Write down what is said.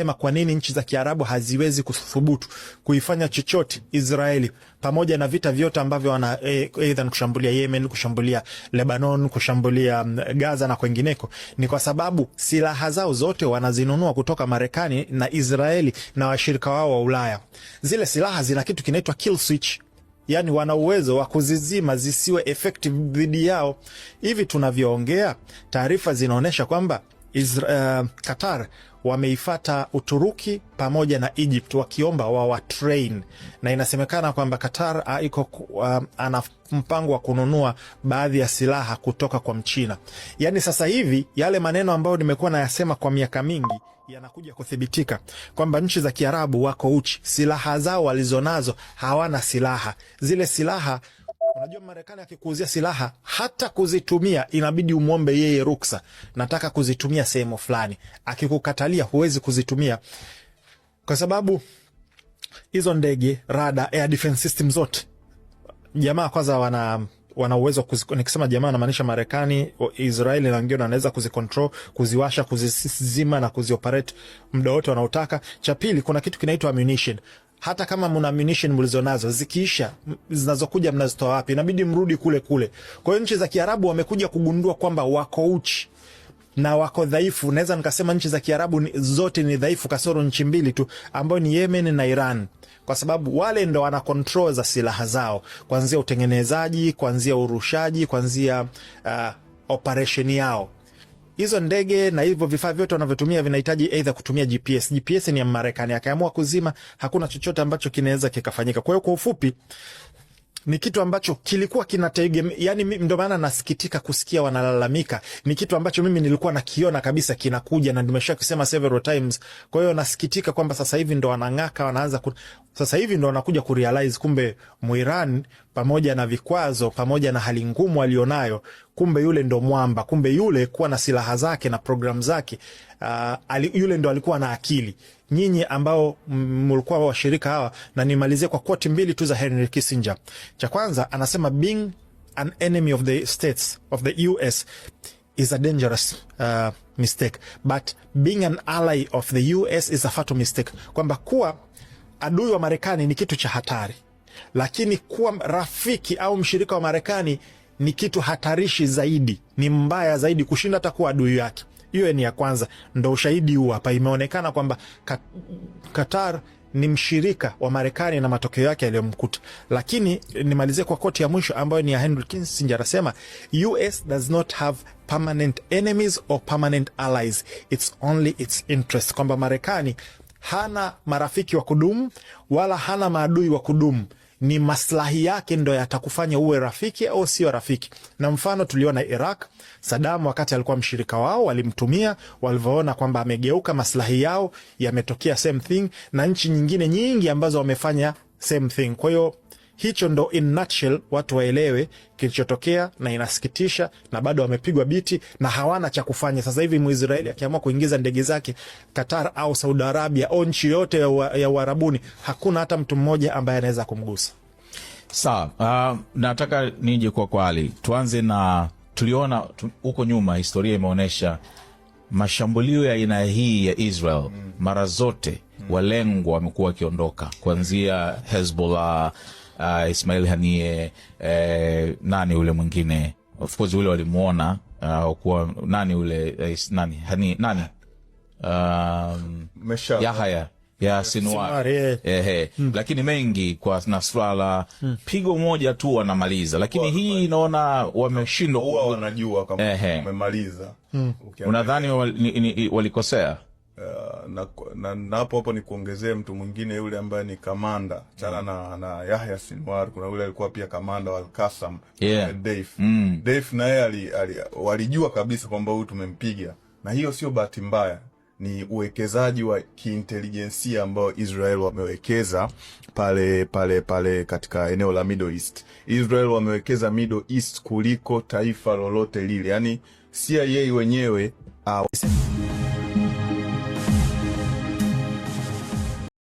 anasema kwa nini nchi za Kiarabu haziwezi kuthubutu kuifanya chochote Israeli pamoja na vita vyote ambavyo wana aidha e, kushambulia Yemen, kushambulia Lebanon, kushambulia mm, Gaza na kwengineko, ni kwa sababu silaha zao zote wanazinunua kutoka Marekani na Israeli na washirika wao wa Ulaya. Zile silaha zina kitu kinaitwa kill switch Yani wana uwezo wa kuzizima zisiwe effective dhidi yao. Hivi tunavyoongea, taarifa zinaonyesha kwamba Isra, uh, Qatar wameifata Uturuki pamoja na Egypt wakiomba wawatrain, na inasemekana kwamba Qatar ah, iko uh, ana mpango wa kununua baadhi ya silaha kutoka kwa Mchina. Yaani sasa hivi yale maneno ambayo nimekuwa nayasema kwa miaka mingi yanakuja kuthibitika kwamba nchi za Kiarabu wako uchi, silaha zao walizonazo hawana silaha, zile silaha Unajua Marekani akikuuzia silaha hata kuzitumia inabidi umwombe yeye ruksa, nataka kuzitumia sehemu fulani. Akikukatalia huwezi kuzitumia kwa sababu hizo ndege, rada, air defense system zote jamaa kwanza wana wana uwezo nikisema jamaa namaanisha Marekani, Israeli na wengine wanaweza kuzicontrol, kuziwasha, kuzizima na kuzioperate muda wote wanaotaka. Cha pili, kuna kitu kinaitwa ammunition hata kama mna munition mlizonazo zikiisha, zinazokuja mnazitoa wapi? Inabidi mrudi kule kule. Kwa hiyo nchi za Kiarabu wamekuja kugundua kwamba wako uchi na wako dhaifu. Naweza nikasema nchi za Kiarabu zote ni dhaifu, kasoro nchi mbili tu ambayo ni Yemen na Iran, kwa sababu wale ndo wana control za silaha zao, kuanzia utengenezaji, kuanzia urushaji, kuanzia uh, operesheni yao hizo ndege na hivyo vifaa vyote wanavyotumia vinahitaji aidha kutumia GPS. GPS ni ya Marekani, akaamua kuzima, hakuna chochote ambacho kinaweza kikafanyika. Kwa hiyo kwa ufupi ni kitu ambacho kilikuwa kinategemea, yani ndo maana nasikitika kusikia wanalalamika. Ni kitu ambacho mimi nilikuwa nakiona kabisa kinakuja na nimesha kusema several times. Kwa hiyo nasikitika kwamba sasa hivi ndo wanang'aka, wanaanza ku, sasa hivi ndo wanakuja kurealize kumbe Muiran pamoja na vikwazo, pamoja na hali ngumu alionayo, kumbe yule ndo mwamba, kumbe yule kuwa na silaha zake na programu zake uh, ali, yule ndo alikuwa na akili. Nyinyi ambao mlikuwa washirika hawa, na nimalizie kwa quote mbili tu za Henry Kissinger. Cha kwanza anasema being an enemy of the states of the US is a dangerous uh, mistake but being an ally of the US is a fatal mistake, kwamba kuwa adui wa Marekani ni kitu cha hatari lakini kuwa rafiki au mshirika wa Marekani ni kitu hatarishi zaidi, ni mbaya zaidi kushinda hata kuwa adui yake. Hiyo ni ya kwanza, ndo ushahidi huu hapa. Imeonekana kwamba Qatar ni mshirika wa Marekani na matokeo yake yaliyomkuta. Lakini nimalizie kwa koti ya mwisho ambayo ni ya Henry Kissinger, anasema US does not have permanent enemies or permanent allies, it's only its interest, kwamba Marekani hana marafiki wa kudumu wala hana maadui wa kudumu ni maslahi yake ndo yatakufanya uwe rafiki au sio rafiki. Na mfano tuliona Iraq, sadamu wakati alikuwa mshirika wao walimtumia, walivyoona kwamba amegeuka, maslahi yao yametokea, same thing na nchi nyingine nyingi ambazo wamefanya same thing. Kwa hiyo Hicho ndo in nutshell, watu waelewe kilichotokea, na inasikitisha, na bado wamepigwa biti na hawana cha kufanya. Sasa hivi Mwisraeli akiamua kuingiza ndege zake Qatar au Saudi Arabia au nchi yote ya Uarabuni, hakuna hata mtu mmoja ambaye anaweza kumgusa. Sawa. Uh, nataka nije kwa kwali, tuanze na tuliona huko nyuma historia imeonyesha mashambulio ya aina hii ya Israel mm. mara zote mm. walengwa wamekuwa wakiondoka kuanzia Hezbollah uh, Ismail Hanie eh, nani ule mwingine of course ule walimuona uh, ah, kuwa nani ule eh, nani hani nani um, Yahaya ya Sinwar eh. hmm. Lakini mengi kwa Nasrallah hmm. Pigo moja tu wanamaliza, lakini kwa hii naona wameshindwa, wanajua kama wamemaliza. hmm. Unadhani walikosea? wali, Eh, na, na, na hapo hapo ni kuongezee mtu mwingine yule ambaye ni kamanda chana mm. na, na Yahya Sinwar. Kuna yule alikuwa pia kamanda wa Al-Qassam yeah. Eh, mm. na yeye walijua kabisa kwamba huyu tumempiga, na hiyo sio bahati mbaya ni uwekezaji wa kiintelijensia ambao Israel wamewekeza pale pale pale katika eneo la Middle East. Israel wamewekeza Middle East kuliko taifa lolote lile, yani CIA wenyewe uh,